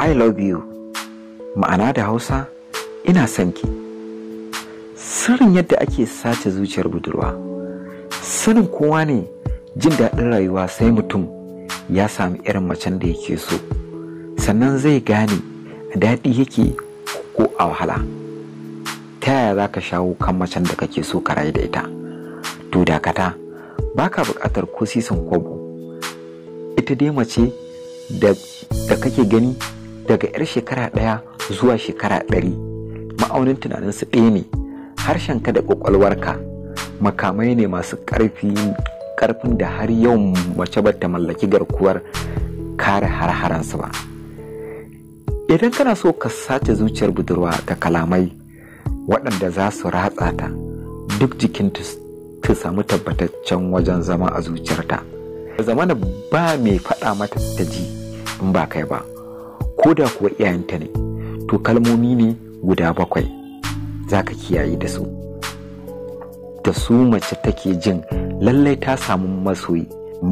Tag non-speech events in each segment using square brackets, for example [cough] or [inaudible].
I love you ma'ana da Hausa ina son ki sirrin yadda ake sace zuciyar budurwa sirrin kowa ne jin daɗin rayuwa sai mutum ya sami irin macen da yake so sannan zai gane daɗi yake ko a wahala ta yaya za ka shawo kan macen da kake so ka rayu da ita to dakata ba ka buƙatar ko sisin kwabo ita dai mace da kake gani daga 'yar shekara ɗaya zuwa shekara ɗari ma'aunin tunanin tunaninsu ɗaya ne ka da ƙwaƙwalwarka makamai ne masu ƙarfin da har yau mace ba ta mallaki garkuwar kare har-haransu ba idan kana so ka sace zuciyar budurwa ta kalamai waɗanda za su ratsa ta duk jikin ta samu tabbataccen wajen zama a zuciyarta zamana ba mai faɗa mata ta ji in ba kai ba ko da kuwa iyayenta ne to kalmomi ne guda bakwai za ka kiyaye da su da su mace take jin lallai ta samu masoyi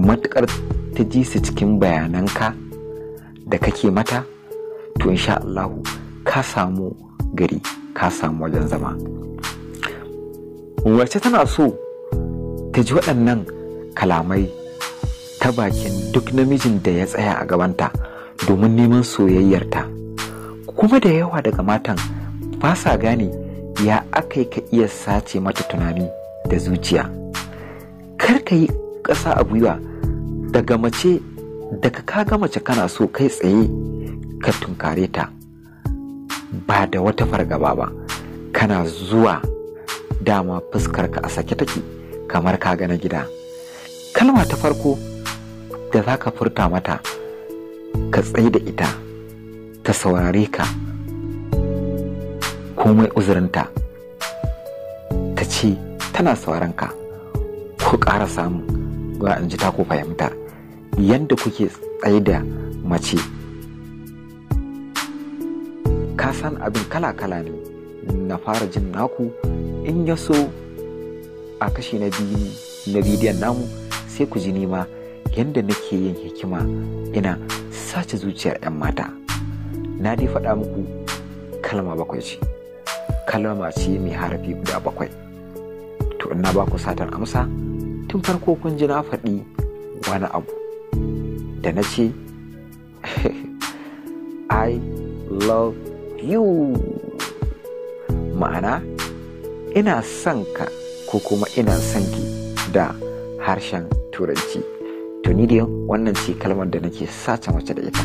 matuƙar ta ji su cikin bayananka da kake mata to insha Allahu ka samu gari ka samu wajen zama wace tana so ta ji waɗannan kalamai ta bakin duk namijin da ya tsaya a gabanta domin neman soyayyarta kuma da yawa daga matan ba sa gane ya aka ka iya sace mata tunani da zuciya kar ka yi ƙasa a gwiwa daga mace daga ka ga mace kana so kai tsaye ka tunkare ta ba da wata fargaba ba kana zuwa dama fuskar ka a sake take kamar ka gana na gida kalma ta farko da za ka furta mata ka tsaye da ita ta saurare ka komai uzurinta ta ce tana sauran ka ko ƙara samu ba in ji ta ko fahimta yadda kuke tsaye da mace ka san abin kala-kala ne na fara jin naku in ya so a kashe na biyu na bidiyon namu sai ku ji nima yadda nake yin hikima ina sace zuciyar 'yan mata na dai faɗa muku kalma bakwai ce kalma ce mai harafi guda bakwai to ina ba ku satar amsa tun farko kun ji na faɗi wani abu da na ce [laughs] i love you ma'ana ina son ka ko kuma ina son ki da harshen turanci to ni dai wannan ce kalmar da nake sace mace da ita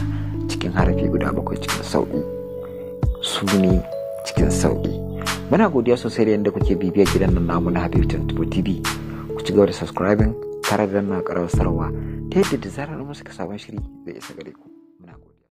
cikin harafi guda bakwai cikin sauƙi su ne cikin sauƙi muna godiya sosai da yadda kuke bibiyar gidan nan namu na Habib 24 TV ku ci gaba da subscribing tare da na karar sarwa ta yadda da zarar musu sabon shiri zai isa gare ku